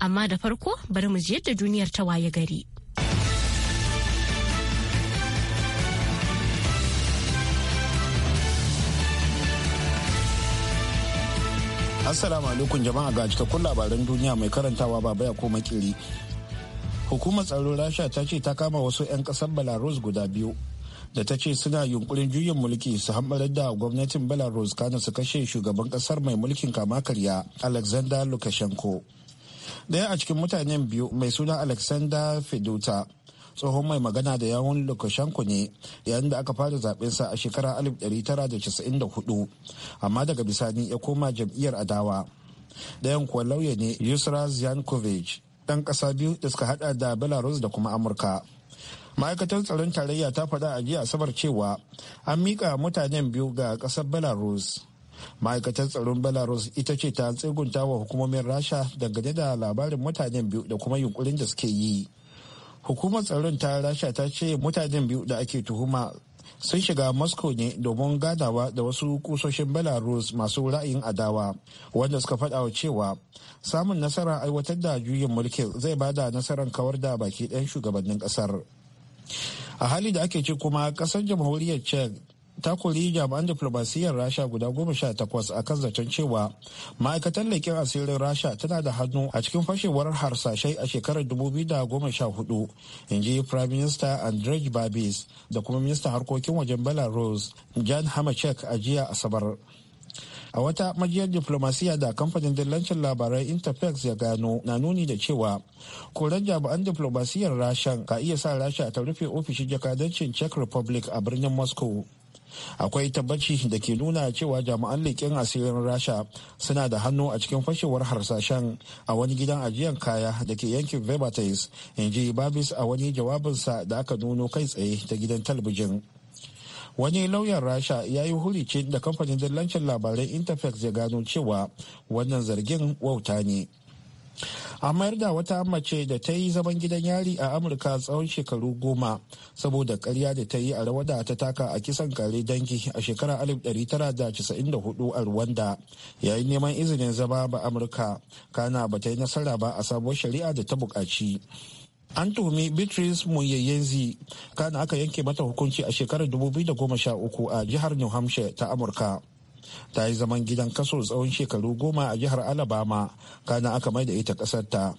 amma da farko bari mu je da duniyar ta waye gari. Assalamu alaikum jama'a ga cikakkun labaran duniya mai karantawa ba baya ko kiri. Hukumar tsaro Rasha ta ce ta kama wasu 'yan kasar Belarus guda biyu da ta ce suna yunkurin juyin mulki su hambarar da gwamnatin Belarus kana su kashe shugaban kasar mai mulkin kama karya Alexander Lukashenko. daya a cikin mutanen biyu mai suna alexander feduta tsohon mai magana da yawon lukashenko ne yayin da aka fara sa a shekara 1994 amma daga bisani ya koma jam'iyyar adawa dayan kuwa lauya ne yusra ziyankovic ɗan ƙasa biyu da suka haɗa da belarus da kuma amurka ma'aikatar tsaron tarayya ta faɗa a jiya asabar cewa an miƙa mutanen biyu ga ƙasar belarus ma'aikatar tsaron belarus ita ce ta tsegunta wa hukumomin rasha dangane da labarin mutanen biyu da kuma yunkurin da suke yi hukumar tsaron ta rasha ta ce mutanen biyu da ake tuhuma sun shiga moscow ne domin gadawa da wasu kusoshin belarus masu ra'ayin adawa wanda suka faɗa cewa samun nasarar aiwatar da juyin mulkin zai bada nasarar kawar da baki ɗayan shugabannin ƙasar a hali da ake ce kuma ƙasar jamhuriyar czech ta kori jami'an diflomasiyyar rasha guda goma sha takwas a kan zaton cewa ma'aikatan leƙen asirin rasha tana da hannu a cikin fashewar harsashai a shekarar dubu biyu da 2014 in ji prime minister andrej babis da kuma ministan harkokin wajen belarus jan hamachek a jiya asabar a wata majiyar diplomasiyya da kamfanin dillancin labarai interfax ya gano na nuni da cewa koran jami'an diplomasiyyar rasha ka iya sa rasha ta rufe ofishin jakadancin czech republic a birnin moscow akwai tabbaci da ke nuna cewa jami'an leƙen asirin rasha suna da hannu a cikin fashewar harsashen a wani gidan ajiyar kaya da ke yankin verbatis in ji babis a wani jawabinsa da aka nuno kai tsaye ta gidan talabijin wani lauyan rasha ya yi hurici da kamfanin dillancin labaran interfax ya gano cewa wannan zargin wauta ne a mayar da wata mace da ta yi zaman gidan yari a amurka tsawon shekaru goma saboda karya da ta yi a rawa da ta taka a kisan kare dangi a shekarar 1994 a rwanda yayin neman izinin zama ba amurka kana ba ta yi nasara ba a sabuwar shari'a da ta bukaci. an tuhumi beatrice muyayyenzi kana aka yanke mata hukunci a shekarar 2013 a jihar new hampshire ta amurka ta yi zaman gidan kaso tsawon shekaru goma a jihar alabama kana aka mai da ita ƙasarta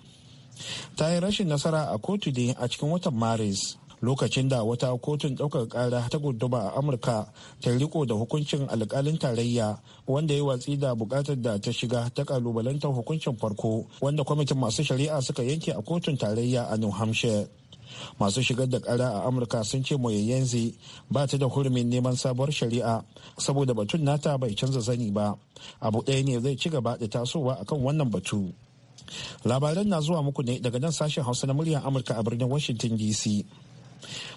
ta yi rashin nasara a kotu ne a cikin watan maris lokacin da wata kotun ɗaukar ƙara ta guduma a amurka ta riko da hukuncin alƙalin tarayya wanda ya watsi da buƙatar da ta shiga ta ƙalubalantar hukuncin farko wanda kwamitin masu shari'a suka yanke a kotun tarayya a new hampshire masu shigar da kara a amurka sun ce moyayyanzi ba ta da hurumin neman sabuwar shari'a saboda batun nata bai canza zani ba abu ɗaya ne zai ci gaba da tasowa akan wannan batu labaran na zuwa muku ne daga nan sashen hausa na muryar amurka a birnin washington dc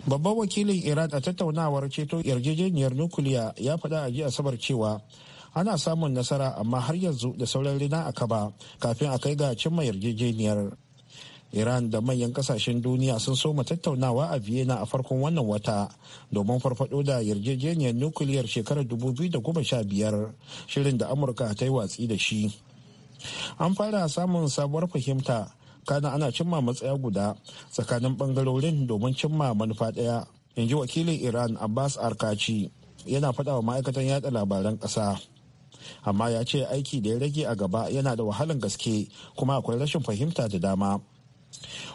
babban wakilin iran a tattaunawar ceto yarjejeniyar nukiliya ya faɗa a jiya asabar cewa ana samun nasara amma har yanzu da sauran rina a kaba kafin a kai ga cimma yarjejeniyar iran da manyan kasashen duniya sun soma tattaunawa a vienna a farkon wannan wata domin farfado da yarjejeniyar nukiliyar shekarar 2015 shirin da amurka ta yi watsi da shi an fara samun sabuwar fahimta kana ana cimma matsaya guda tsakanin bangarorin domin cimma manufa ɗaya in ji wakilin iran abbas arkaci yana faɗa wa ma'aikatan yada labaran ƙasa amma ya ce aiki da ya rage a gaba yana da wahalan gaske kuma akwai rashin fahimta da dama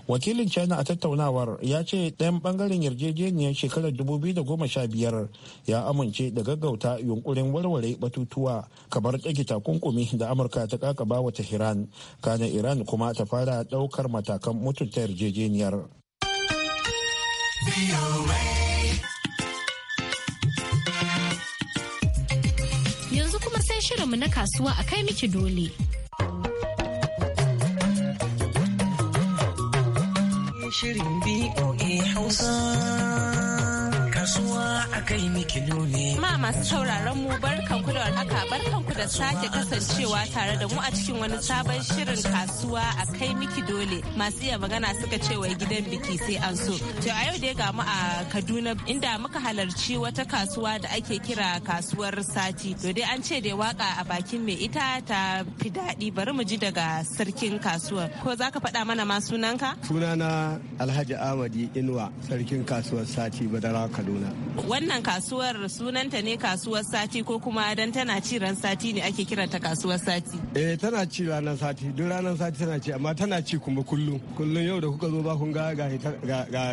wakilin china a tattaunawar ya ce ɗayan ɓangaren yarjejeniyar shekarar 2015 ya amince da gaggauta yunkurin warware batutuwa kamar ɗage takunkumi da amurka ta kakaba wa tehran kana iran kuma ta fara ɗaukar matakan mutunta yarjejeniyar yanzu kuma sai shirinmu na kasuwa a kai miki dole 人民币可以豪赚。kasuwa a kai miki nuni. Ma masu sauraron mu bar kanku da warhaka bar ku da sake kasancewa tare da mu a cikin wani sabon shirin kasuwa a kai miki dole masu iya magana suka ce wai gidan biki sai an so. To a yau dai ga mu a Kaduna inda muka halarci wata kasuwa da ake kira kasuwar sati. To dai an ce dai waka a bakin mai ita ta fi daɗi bari mu ji daga sarkin kasuwar. Ko za ka faɗa mana ma sunanka? Sunana Alhaji Ahmadi Inuwa sarkin kasuwar sati Badara Kaduna. wannan kasuwar sunanta ne kasuwar sati ko kuma dan tana ci ran sati ne ake kiranta kasuwar sati eh tana ci ranar sati duk ranar sati tana ci amma tana ci kuma kullum kullum yau da kuka zo ba kun ga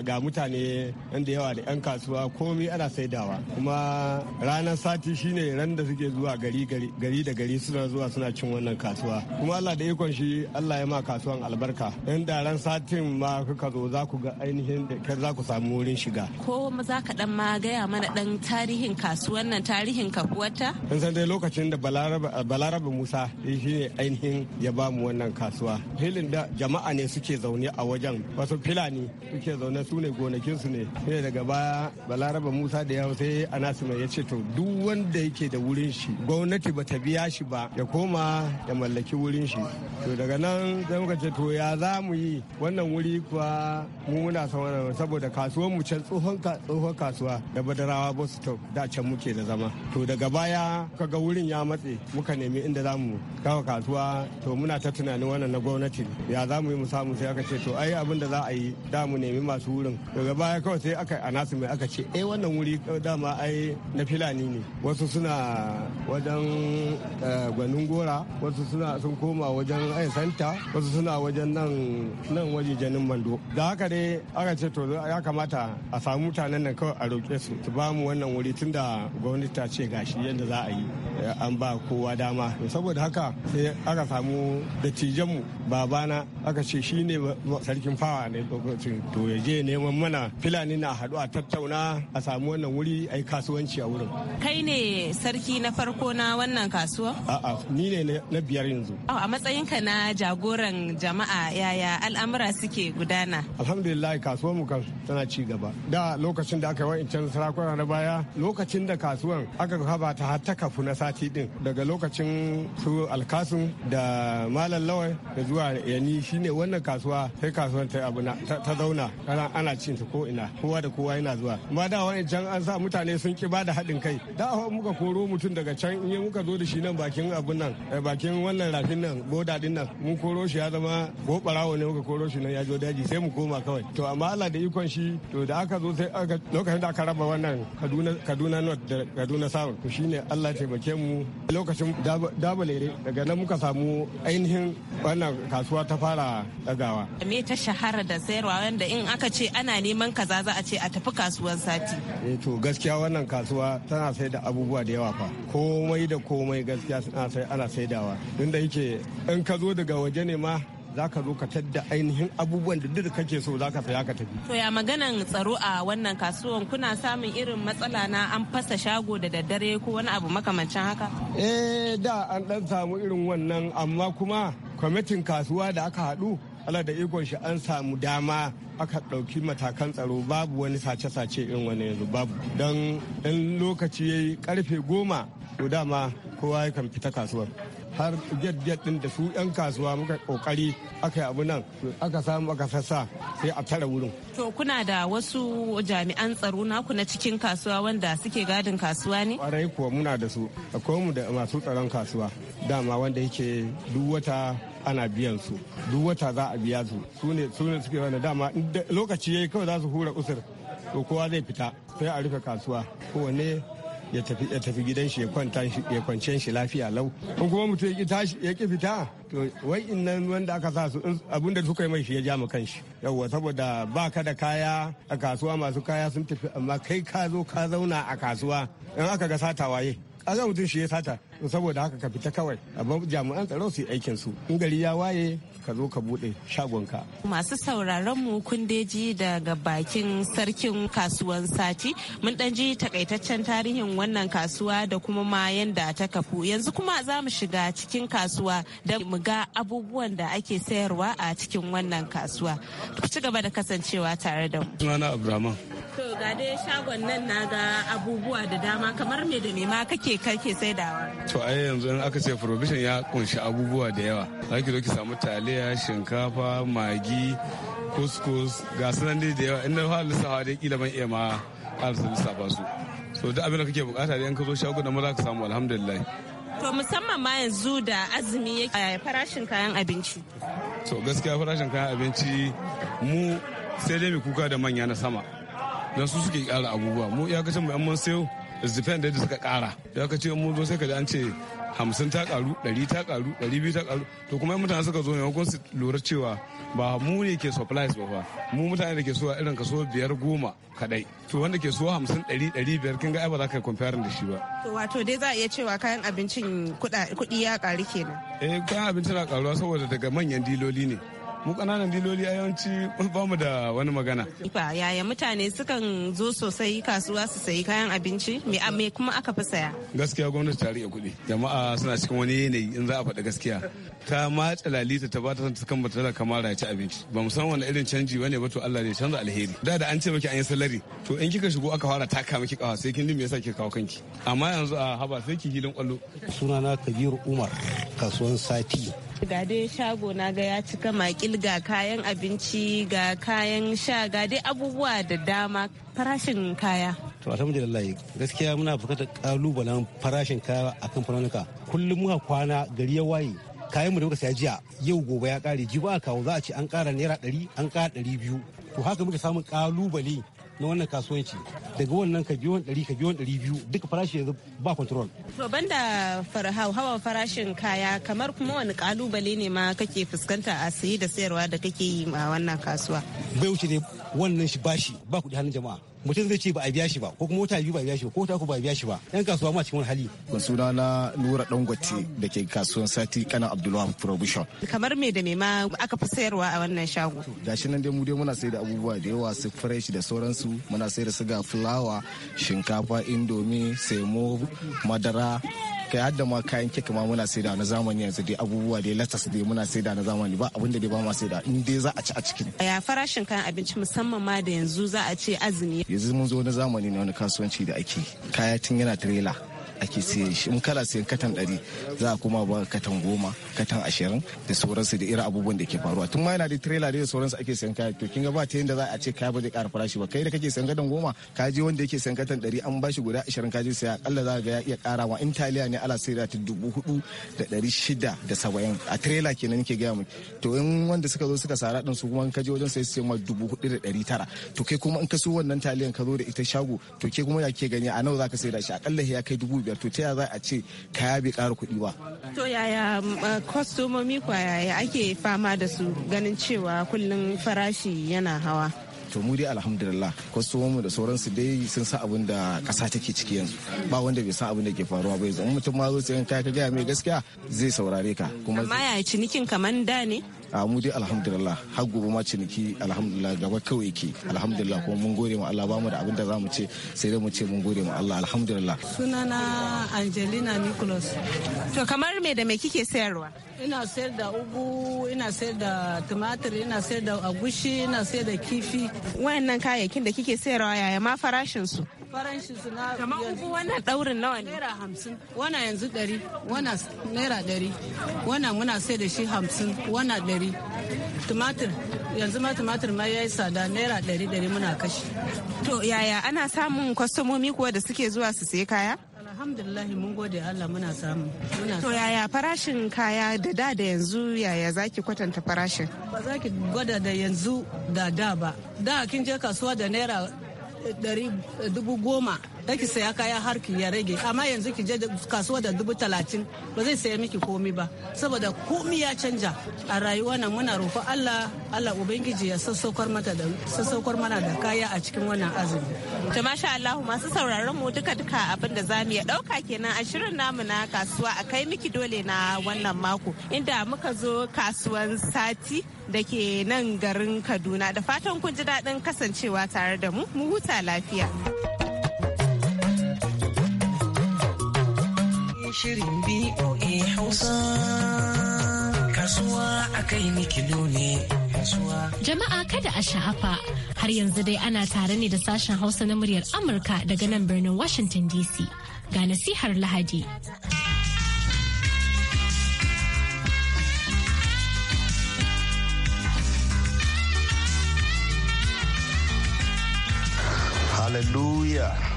ga mutane yan da yawa da yan kasuwa komai ana saidawa kuma ranar sati shine ran da suke zuwa gari gari gari da gari suna zuwa suna cin wannan kasuwa kuma Allah da ikon shi Allah ya ma kasuwan albarka yan da ran satin ma kuka zo za ku ga ainihin da za ku samu wurin shiga ko za ka dan ma gaya mana dan tarihin kasuwan nan tarihin kakuwata sun san dai lokacin da Balarabe Musa eh, shi ne ainihin ya ba mu wannan kasuwa. Filin da jama'a ne suke zaune a wajen wasu filani suke zaune su ne gonakin su ne. Sai daga baya Balarabe Musa da yawa sai Anasima ya ce to duk wanda yake da wurin shi gwamnati ba ta biya shi ba ya koma ya mallaki wurin shi. To daga nan sai muka ce to ya za mu yi wannan wuri kuwa mu muna saboda kasuwan mu can tsohon kasuwa kasuwa da badarawa bus stop da can muke da zama to daga baya ka ga wurin ya matse muka nemi inda za mu kawo kasuwa to muna ta tunanin wannan na gwamnati ya za mu yi mu samu sai aka ce to ai abin da za a yi da mu nemi masu wurin daga baya kawai sai aka a nasu mai aka ce eh wannan wuri dama ai na filani ne wasu suna wajen eh, gwanin gora wasu suna sun koma wajen ai santa wasu suna wajen nan nan janin mando da haka dai aka ce to ya kamata a samu mutanen nan kawai a roƙe su su ba mu wannan wuri da gwamnati ta ce gashi yadda za a yi eh, an ba kowa dama saboda haka sai aka samu mu babana aka ce shi ne sarkin fawa ne lokacin to ya je neman mana filani na haɗu a tattauna a samu wannan wuri a yi kasuwanci a wurin kai ne sarki na farko na wannan kasuwa a'a ni ne na biyar yanzu a matsayin ka na jagoran jama'a yaya al'amura suke gudana alhamdulillah kasuwar mu kan tana ci gaba da lokacin da aka wa'incan sarakuna na baya lokacin da kasuwan aka haba ta har ta kafu na sati din daga lokacin su alkasun da malam lawai da zuwa yani shine wannan kasuwa sai kasuwan ta abu ta zauna ana cin ta ko ina kowa da kowa yana zuwa amma da wa'incan an sa mutane sun ki bada haɗin kai da hawa muka koro mutum daga can in muka zo da shi nan bakin abun nan eh, bakin wannan rafin nan boda din nan mun koro shi ya zama ko barawo ne muka koro shi nan ya zo daji sai mu koma kawai to amma Allah da ikon shi to da aka zo sai aka lokacin da aka raba wannan kaduna north da kaduna south to shine allah taimake mu lokacin dabalere daga nan muka samu ainihin wannan kasuwa ta fara dagawa me ta shahara da sayarwa wanda in aka ce ana neman kaza za a ce a tafi kasuwar sati eh to gaskiya wannan kasuwa tana sai da abubuwa da yawa fa komai da komai gaskiya ana sai ana saidawa tunda yake in ka zo daga waje ne ma za ka zo ka tadda ainihin abubuwan da duk kake so za ka saya ka tafi. To ya maganan tsaro a wannan kasuwan kuna samun irin matsala na an fasa shago da daddare ko wani abu makamancin haka? Eh da an dan samu irin wannan amma kuma kwamitin kasuwa da aka haɗu ala da ikon shi an samu dama aka ɗauki matakan tsaro babu wani sace-sace irin wani yanzu babu don in lokaci ya yi karfe goma to dama kowa ya kan fita kasuwar har get din da su 'yan kasuwa muka kokari aka yi abu nan aka samu aka sassa sai a tara wurin. To kuna da wasu jami'an tsaro naku na cikin kasuwa wanda suke gadin kasuwa ne? Kwarai kuwa muna da su akwai mu da masu tsaron kasuwa dama wanda yake duk wata ana biyan su duk wata za a biya su su ne suke wani dama lokaci yayi kawai za su hura usur to kowa zai fita sai a rufe kasuwa kowanne ya tafi gidan shi ya kwance shi lafiya lau ko kuma mutum ya ki fita to wai nan wanda aka sa su abin da suka yi mai shi ya ja mu kanshi yawwa saboda ba ka da kaya a kasuwa masu kaya sun tafi amma kai ka zo ka zauna a kasuwa in aka ga sata waye mutum shi ya sata saboda haka ka fita kawai amma jami'an tsaro su yi aikin su in gari ya waye ka zo ka bude shagonka masu sauraron mu kun ji daga bakin sarkin kasuwan sati mun dan ji takaitaccen tarihin wannan kasuwa da kuma ma yanda ta kafu yanzu kuma za mu shiga cikin kasuwa da mu ga abubuwan da ake sayarwa a cikin wannan kasuwa ci gaba da kasancewa tare da mu sunana abdulrahman To ga dai shagon nan na ga abubuwa da dama kamar me da me ma kake kake saidawa. To ai yanzu in aka ce provision ya kunshi abubuwa da yawa. Za ki doki samu taliya, shinkafa, magi, couscous, ga sanan dai da yawa. Inda fa lissafa dai kila ban iya ma alsa lissafa su. So duk abin da kake bukata dai in ka zo shagon nan za ka samu alhamdulillah. To musamman ma yanzu da azumi yake eh, farashin kayan abinci. To gaskiya farashin kayan abinci mu sai dai mu kuka da manya na sama. don su suke kara abubuwa mu ya kace mu yan mun sayo is depend da suka ƙara kace mu zo sai ka ji an ce hamsin ta karu ɗari ta karu ɗari biyu ta karu to kuma mutane suka zo maimakon su lura cewa ba mu ne ke supplies ba fa mu mutane da ke so irin kaso biyar goma kadai to wanda ke so hamsin ɗari ɗari biyar kin ga ai ba za ka compare da shi ba. to wato dai za a iya cewa kayan abincin kuɗi ya karu kenan. eh kayan abinci na karuwa saboda daga manyan diloli ne mu kananan diloli a yawanci ba mu da wani magana ifa yaya mutane sukan zo sosai kasuwa su sayi kayan abinci me kuma aka fi saya gaskiya gwamnati ta riƙe kuɗi jama'a suna cikin wani yanayi in za a faɗi gaskiya ta matsa lalita ta ba ta kan bata kamar ya ci abinci ba mu san wani irin canji ne ba to Allah ne canza alheri da da an ce miki an yi salari to in kika shigo aka fara taka miki kawa sai kin me yasa kika kawo kanki amma yanzu a haba sai ki gidan kwallo sunana Kabiru Umar kasuwan sati ga dai shago na ga ya cika makil ga kayan abinci ga kayan sha ga dai abubuwa da dama farashin kaya to alhamdulillah gaskiya muna da kalubalen farashin kaya a kamfanonika kullum muka kwana gari ya waye kayan mu da muka saya jiya yau gobe ya kare jiba a kawo za a ce an kara naira ɗari an kara 200 biyu to haka muka samu kalubale na wannan kasuwanci daga wannan ka biyo ɗari ka biyo ɗari biyu duka farashi yanzu ba control. To banda farhau hawa farashin kaya kamar kuma wani kalubale ne ma kake fuskanta a saye da sayarwa da kake yi a wannan kasuwa. Bai wuce ne wannan shi bashi ba kuɗi hannun jama'a. mutum zai ce ba a biya shi ba ko kuma wata biyu ba a biya shi ba ko wata ba a biya shi ba yan kasuwa ma cikin hali hali. suna na nura dangote da ke kasuwan sati kana abdullahi provision. kamar me da me ma aka fi sayarwa a wannan shago. gashi nan dai mu dai muna sai da abubuwa da yawa su fresh da sauransu muna sayar da su ga fulawa shinkafa indomie, semo madara ka har da ma kayan kek ma muna saida na zamani yanzu dai abubuwa dai latas dai muna saida na zamani ba abinda da dai ba ma saida in dai za a ci a cikin ya farashin kayan abinci musamman ma da yanzu za a ce azumi yanzu mun zo na zamani ne wani kasuwanci da ake kaya tun yana tirela ake siye shi in kana siyan katan ɗari za a kuma ba katan goma katan ashirin da sauransu da irin abubuwan da ke faruwa tun ma yana da trailer da sauransu ake siyan kaya to ga ba ta yadda za a ce kaya ba zai ƙara farashi ba kai da kake siyan katan goma ka je wanda yake siyan katan ɗari an bashi guda ashirin ka je siya akalla za ga ya iya ƙara ma in taliya ne ala sai da ta dubu hudu da ɗari shida da saba'in a trailer kenan ke gaya min to in wanda suka zo suka sara ɗin su kuma in ka je wajen sai su ma dubu hudu da ɗari tara to kai kuma in ka so wannan taliyan ka zo da ita shago to ke kuma ya ke gani a nawa za ka sai da shi akalla ya kai dubu biyar biyar to ta za a ce kaya bai kara kuɗi ba. to yaya um, uh, kwastomomi kwa yaya ake fama da su ganin cewa kullum farashi yana hawa. to mu dai alhamdulillah kwastomomu da sauransu dai sun sa abin da kasa take ciki yanzu ba wanda bai san abin da ke faruwa ba yanzu in mutum ma zo sai kai ka gaya mai gaskiya zai saurare ka kuma amma ya cinikin kaman da ne a mu dai alhamdulillah har gobe ma ciniki alhamdulillah gaba kawai ke alhamdulillah kuma mun gode ma Allah bamu da abin da zamu ce sai dai mu ce mun gode ma Allah alhamdulillah sunana Angelina Nicholas to kamar me da me kike sayarwa ina sayar da ugu ina sayar da tumatir ina sayar da agushi ina sayar da kifi wayannan kayayyakin da kike sayarwa yaya ma farashin su farashin su na kamar uku wannan daurin nawa ne naira hamsin wana yanzu dari wana naira dari wana muna sai da shi hamsin wana dari tumatir yanzu ma tumatir ma ya yi tsada naira dari dari muna kashi to yaya ana samun kwastomomi kuwa da suke zuwa su sayi kaya alhamdulillah mun gode allah muna samu to yaya farashin kaya da da da yanzu yaya zaki kwatanta farashin ba za ki gwada da yanzu da da ba da kin je kasuwa da naira eh, eh, dubu goma da ki saya kaya har ki ya rage amma yanzu ki je kasuwa da dubu talatin ba zai saya miki komi ba saboda komi ya canja a rayuwa nan muna roƙo Allah Allah ubangiji ya sassaukar mata da sassaukar mana da kaya a cikin wannan azumi to masha Allah masu sauraron mu duka duka abin da mu ya dauka kenan a shirin namu na kasuwa a kai miki dole na wannan mako inda muka zo kasuwan sati da ke nan garin Kaduna da fatan kun ji daɗin kasancewa tare da mu mu huta lafiya. shirin BOA Hausa. Kasuwa a kai ne. Jama'a kada a sha'afa har yanzu dai ana tare ne da sashen Hausa na muryar Amurka daga nan birnin Washington DC ga nasihar Lahadi. Hallelujah.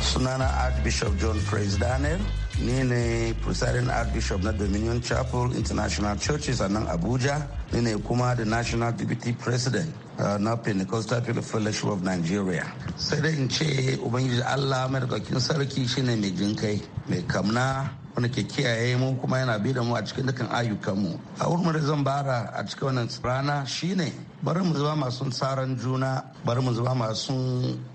sunana archbishop john praise daniel ni ne presiding archbishop na dominion chapel international churches a nan abuja ni ne kuma the national deputy president uh, na pentecostal fellowship of nigeria sai dai in ce ubangiji allah madaukakin sarki shine mai jinkai mai kamna wani ke kiyaye mu kuma yana bi da mu a cikin dukkan ayyukanmu a wurin da zan bara a cikin wannan rana shine bari mu zama masu tsaron juna bari mu zama masu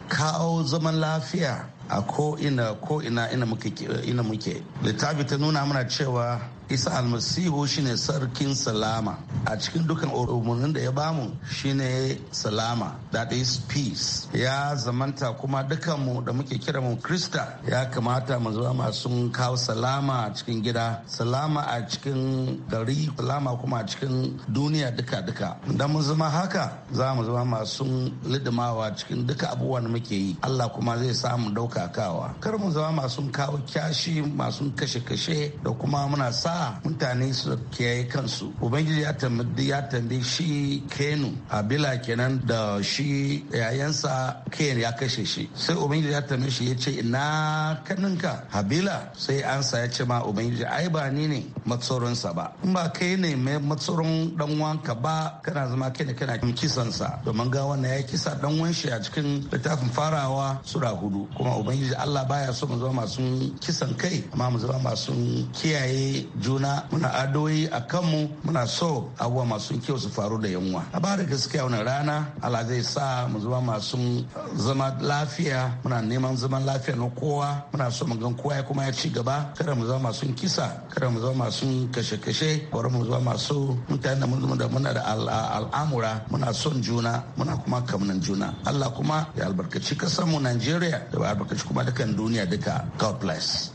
kawo zaman lafiya a ko ina ko ina ina muke littafi ta nuna mana cewa isa almasihu shine sarkin salama a cikin dukan umarnin da ya bamu shine salama that is peace ya zamanta kuma dukanmu da muke kira mu krista ya kamata mu zama masu kawo salama a cikin gida salama a cikin gari salama kuma a cikin duniya duka duka da mu zama haka za mu zama masu lidimawa cikin duka abubuwan da muke yi allah kuma zai samu daukakawa kar mu zama masu kawo kyashi masu kashe-kashe da kuma muna sa sa mutane su kiyaye kansu ubangiji ya tambi shi kenu abila kenan da shi yayansa kayan ya kashe shi sai ubangiji ya tambaye shi ya ce ina kaninka habila sai ansa ya ce ma ubangiji ai ba ni ne matsoronsa ba in ba kai ne mai matsoron dan wanka ba kana zama kai ne kana kisansa domin ga wannan ya kisa dan shi a cikin littafin farawa sura hudu kuma ubangiji Allah baya so mu zama masu kisan kai amma mu zama masu kiyaye juna muna adoyi a kanmu muna so abubuwa masu kyau su faru da yunwa a ba da gaskiya wani rana Allah zai sa mu zama masu zama lafiya muna neman zaman lafiya na kowa muna so mu ga kowa kuma ya ci gaba kada mu zama masu kisa kada mu zama masu kashe-kashe bari mu zama masu mutane da muna da al'amura muna son juna muna kuma kamnan juna Allah kuma ya albarkaci kasar mu Najeriya da albarkaci kuma dukan duniya duka God bless.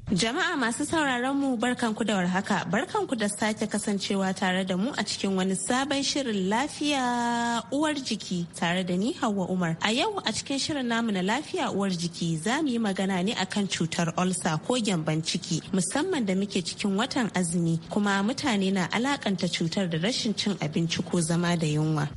Jama'a masu sauraron mu barkanku da warhaka, barkanku da sake kasancewa tare da mu a cikin wani sabon shirin lafiya uwar jiki tare da ni Hauwa Umar. A yau a cikin shirin namu na lafiya uwar jiki za mu yi magana ne akan cutar olsa ko gyamban ciki musamman da muke cikin watan azumi kuma mutane na alakanta cutar da rashin cin abinci ko zama da yunwa.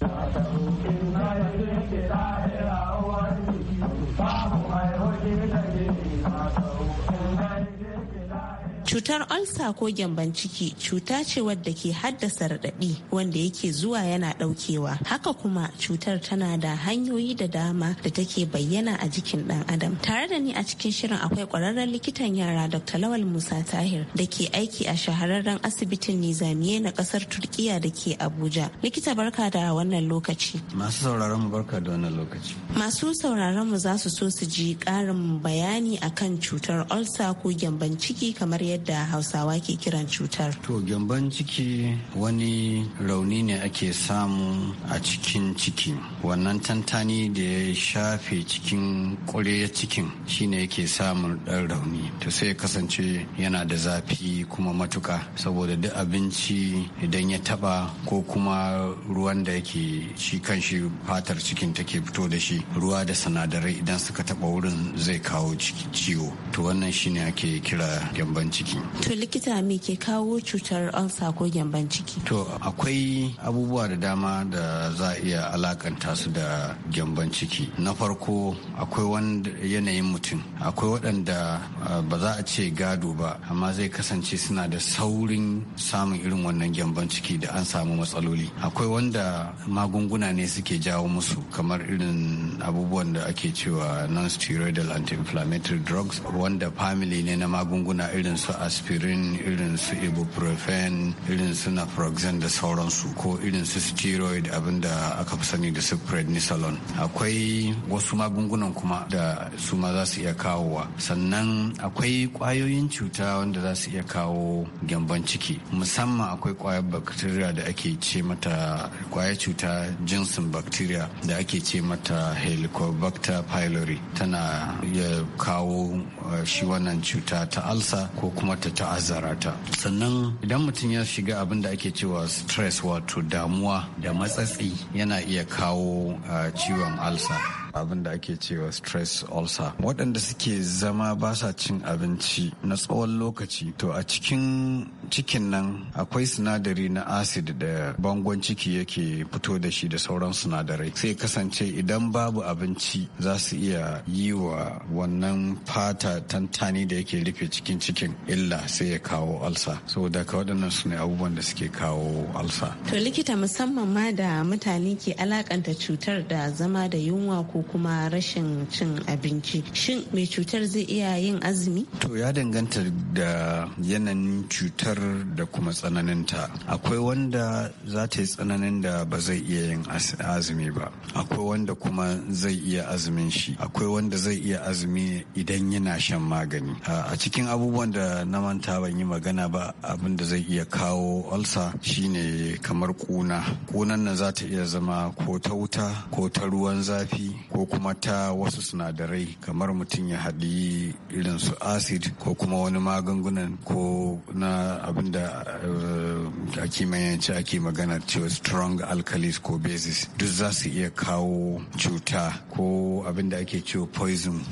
Cutar olsa ko gyamban ciki cuta ce wadda ke haddasa raɗaɗi wanda yake zuwa yana ɗaukewa. Haka kuma cutar tana da hanyoyi da dama da take bayyana a jikin ɗan adam. Tare da ni a cikin shirin akwai ƙwararren likitan yara Dr. Lawal Musa Tahir da ke aiki a shahararren asibitin Nizamiye na ƙasar Turkiya da ke Abuja. Likita barka da wannan lokaci. Masu sauraron mu barka da wannan lokaci. Masu sauraron mu za su so su ji ƙarin bayani akan cutar olsa ko gyamban ciki kamar yadda hausawa ke kiran cutar to gyamban ciki wani rauni ne ake samu a cikin ciki wannan tantani da ya shafe cikin kure cikin shine yake samun dan rauni to sai ya kasance yana da zafi kuma matuka saboda duk abinci idan ya taba ko kuma ruwan da yake shi kan shi fatar cikin take fito da shi ruwa da sinadarai idan suka taba wurin zai kawo ciwo to wannan shine ake kira gyamban ciki ciki. To likita me ke kawo cutar ansa ko gyamban ciki? To akwai abubuwa da dama da za a iya alakanta su da gyamban ciki. Na farko akwai wani yanayin mutum. Akwai waɗanda ba za a ce gado ba amma zai kasance suna da saurin samun irin wannan gyamban ciki da an samu matsaloli. Akwai wanda magunguna ne suke jawo musu kamar irin abubuwan da ake cewa non-steroidal anti-inflammatory drugs wanda family ne na magunguna irin su aspirin irin su ibuprofen irin su naproxen da sauransu ko irin su steroid abinda aka fi sani da su prednisolone akwai wasu magungunan kuma da su ma za su iya kawowa sannan akwai kwayoyin cuta wanda za su iya kawo gyamban ciki musamman akwai kwayar bacteria da ake ce mata kwayar cuta jinsin bacteria da ake ce mata helicobacter pylori tana iya kawo eh, shi wannan cuta ta alsa ko kuma ta ta'azzara ta sannan idan mutum ya shiga abin da ake cewa stress wato damuwa da matsatsi yana iya kawo ah, ciwon alsa abin da ake cewa stress ulcer waɗanda suke zama ba sa cin abinci na tsawon lokaci to a cikin cikin nan akwai sinadari na acid da bangon ciki yake fito da shi da sauran sinadarai sai kasance idan babu abinci za su iya yi wa wannan fata tantani da yake rufe cikin cikin illa sai ya kawo alsa saboda ka waɗannan su ne abubuwan da suke kawo alsa to likita musamman ma da mutane ke alakanta cutar da zama da yunwa ko kuma rashin cin abinci shin mai cutar zai iya yin azumi to ya danganta da yanayin cutar da kuma tsananin ta. akwai wanda za ta yi tsananin da ba zai iya yin azumi ba akwai wanda kuma zai iya azumin shi akwai wanda zai iya azumi idan yana shan magani a cikin abubuwan da na manta ban yi magana ba abin da zai iya kawo ulcer shine kamar kuna kunan nan za ta iya zama ko ta wuta ko ta ruwan zafi ko kuma ta wasu sinadarai kamar mutum ya haɗi irin su acid ko kuma wani magungunan ko na abin da eh, a kimiyyance ake magana cewa strong alkalis ko basis duk za su iya kawo cuta ko abin da ake cewa poison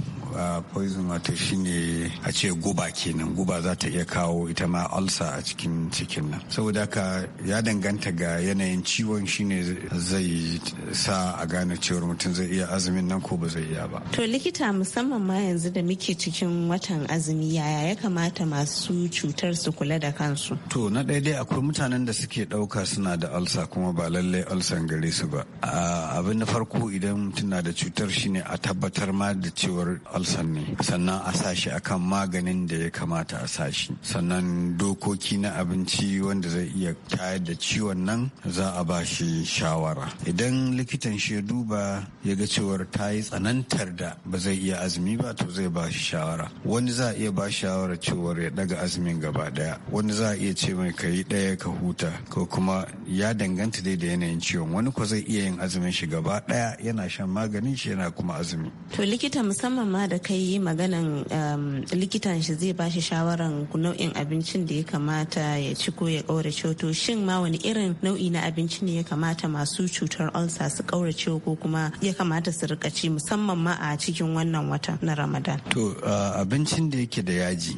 poison wata shine a ce guba kenan guba za ta iya kawo ita ma ulcer a cikin cikin nan saboda haka ya danganta ga yanayin ciwon shine zai sa a gane cewar mutum zai iya azumin nan ko ba zai iya ba to likita musamman ma yanzu da muke cikin watan azumi yaya ya kamata masu cutar su kula da kansu to na ɗaya dai akwai mutanen da suke ɗauka suna da ulcer kuma ba lallai ulcer gare su ba abin na farko idan mutum na da cutar shine a tabbatar ma da cewar ulcer ne sannan a sashi akan maganin da ya kamata a sashi sannan dokoki na abinci wanda zai iya tayar da ciwon nan za a ba shi shawara idan likitan shi ya duba ya ga cewar ta yi tsanantar da ba zai iya azumi ba to zai ba shi shawara wani za a iya ba shawara cewar ya daga azumin gaba daya wani za a iya ce mai ka yi daya ka huta ko kuma ya danganta dai da yanayin ciwon wani ko zai iya yin azumin shi gaba daya yana shan maganin shi yana kuma azumi to likita musamman ma da kai maganan um, likitan shi zai bashi shawaran nau'in abincin da ya kamata ya ci ko ya kaurace to shin ma wani irin nau'i na abinci ne ya kamata masu cutar ulcer su kaurace ko kuma ya kamata su rika ci musamman ma a cikin wannan wata na Ramadan to uh, abincin da yake da yaji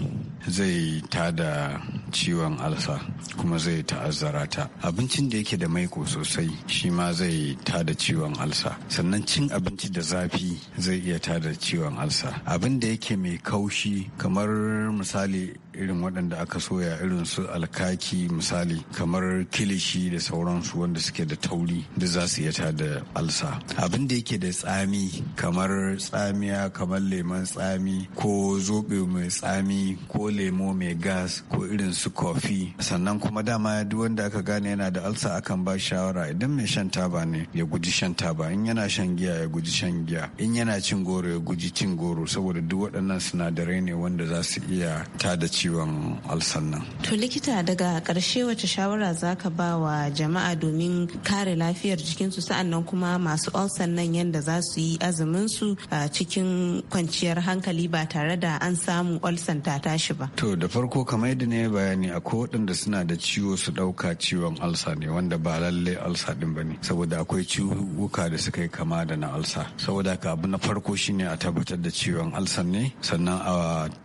zai tada ciwon alsa kuma zai ta'azzara ta abincin da yake da maiko sosai shi ma zai tada ciwon alsa sannan cin abinci da zafi zai iya tada ciwon alsa abin da yake mai kaushi kamar misali irin waɗanda aka soya irin su alkaki misali kamar kilishi da sauransu wanda suke da tauri da za su yata da alsa abin da yake da tsami kamar tsamiya kamar lemon tsami ko zobe mai tsami ko lemo mai gas ko irin su kofi sannan kuma dama duk wanda aka gane yana da alsa akan ba shawara idan mai shan taba ne ya guji shan taba in yana shan giya ya guji shan giya in yana cin goro ya guji cin goro saboda duk waɗannan sinadarai ne wanda za su iya tada ci ciwon alsan nan. To likita daga ƙarshe wace shawara za ka ba wa jama'a domin kare lafiyar jikinsu sa'an kuma masu alsan nan yadda za su yi azumin su cikin kwanciyar hankali ba tare da an samu alsan ta tashi ba. To da farko kamar yadda ne bayani akwai waɗanda suna da ciwo su ɗauka ciwon alsa ne wanda ba lalle alsa ɗin ba ne saboda akwai ciwuka da suka yi kama da na alsa saboda haka abu na farko shine a tabbatar da ciwon alsan ne sannan a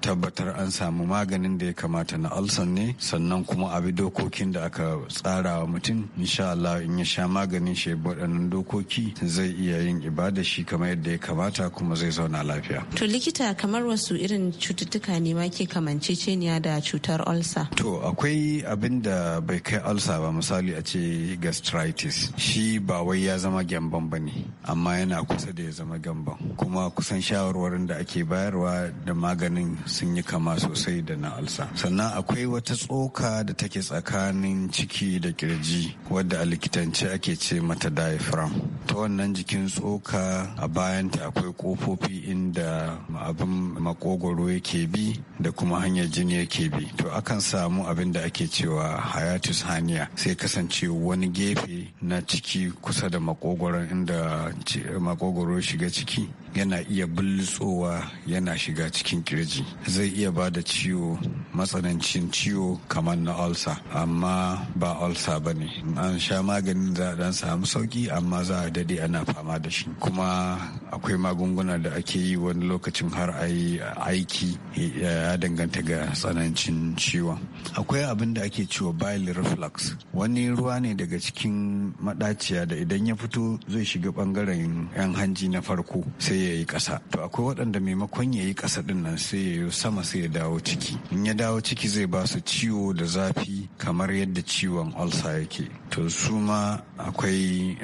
tabbatar an samu maganin maganin da ya kamata na alsan ne sannan kuma a bi dokokin da aka tsara wa mutum insha Allah in ya sha maganin shi waɗannan dokoki zai iya yin ibada shi kamar yadda ya kamata kuma zai zauna lafiya. To likita kamar wasu irin cututtuka ne ma ke kamanceceniya da cutar ulcer? To akwai abin da bai kai ulcer ba misali a ce gastritis shi ba wai ya zama gyamban ba ne amma yana kusa da ya zama gyamban kuma kusan shawarwarin da ake bayarwa da maganin sun yi kama sosai da na alsa sannan akwai wata tsoka da take tsakanin ciki da kirji wadda a likitance ake ce mata diaphragm ta wannan jikin tsoka a bayanta akwai kofofi inda abin makogoro yake bi da kuma hanyar jini yake bi to akan samu abin da ake cewa hiatus hania sai kasance wani gefe na ciki kusa da makogoron inda makogoro shiga ciki yana iya bultsowa yana shiga cikin kirji zai iya ba da ciwo matsanancin ciwo kamar na ulcer amma ba ulcer ba ne an sha maganin za a dan samu sauki amma za a dade ana fama da shi kuma akwai magunguna da ake yi wani lokacin har a yi aiki ya danganta ga tsanancin ciwon akwai abin da ake ciwo bile reflux wani ruwa ne daga cikin madaciya da idan ya fito zai shiga bangaren yan hanji na farko sai ya yi ƙasa to akwai waɗanda maimakon ya yi ƙasa ɗin nan sai ya yi sama sai ya dawo ciki in ya dawo ciki zai ba su ciwo da zafi kamar yadda ciwon ulcer yake to su ma akwai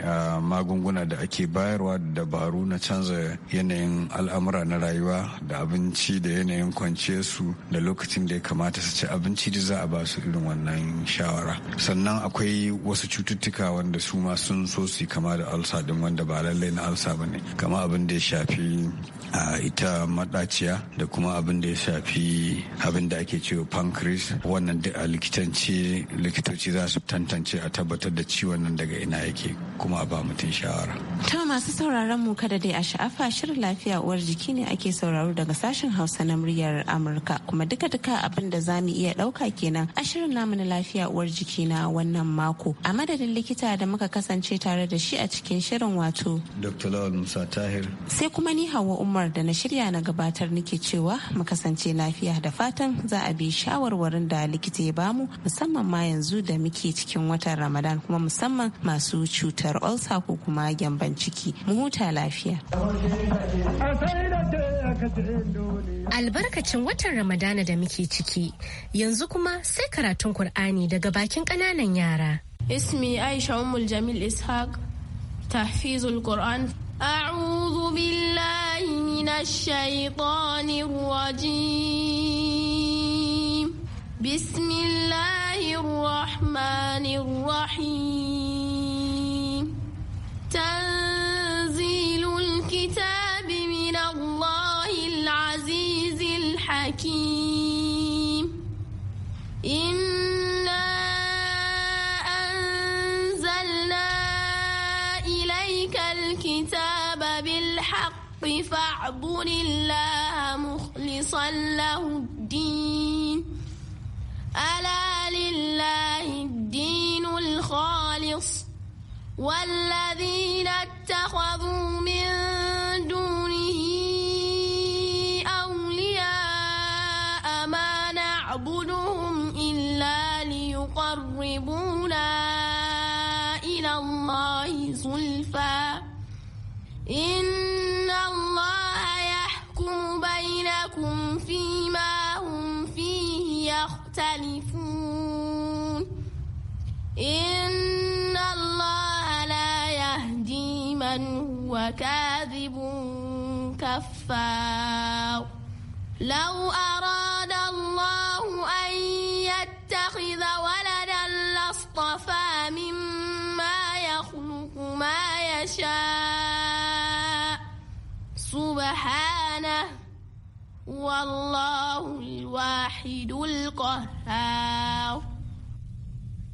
magunguna da ake bayarwa da dabaru na canza yanayin al'amura na rayuwa da abinci da yanayin kwanciyarsu da lokacin da ya kamata su ci abinci da za a ba su irin wannan shawara sannan akwai wasu cututtuka wanda su ma sun so su kama da alsa din wanda ba lallai na alsa ba ne kama abin da ya shafi ita maɗaciya da kuma abin da ya shafi abin da ake cewa pancreas wannan da a likitoci za su tantance a tabbatar tabbatar da ciwon nan daga ina yake kuma ba mutum shawara. Ta masu sauraron mu kada dai a sha'afa shirin lafiya uwar jiki ne ake sauraro daga sashen Hausa na muryar Amurka kuma duka duka abin da zamu iya ɗauka kenan a shirin namu na lafiya uwar jiki na wannan mako. A madadin likita da muka kasance tare da shi a cikin shirin wato. Dr. Lawal Musa Tahir. Sai kuma ni Hauwa Umar da na shirya na gabatar nake cewa mu kasance lafiya da fatan za a bi shawarwarin da likita ya bamu musamman ma yanzu da muke cikin watan Ramadan. ramadan kuma musamman masu cutar ulcer ko kuma gyamban ciki mu huta lafiya albarkacin watan ramadana da muke ciki yanzu kuma sai karatun kur'ani daga bakin ƙananan yara ismi aisha umul jamil ishaq tahfizul qur'an أعوذ بالله من الشيطان الرجيم بسم الرحمن الرحيم تنزيل الكتاب من الله العزيز الحكيم إنا أنزلنا إليك الكتاب بالحق فاعبد الله مخلصا له الدين ألا لله الدين الخالص والذين اتخذوا من دونه أولياء ما نعبدهم إلا ليقربونا إلى الله زلفى إن الله يحكم بينكم فيما هم فيه يختلفون إن الله لا يهدي من هو كاذب كفار لو أراد الله أن يتخذ ولدا لاصطفى مما يخلق ما يشاء سبحانه والله الواحد القهار